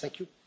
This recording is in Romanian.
thank you.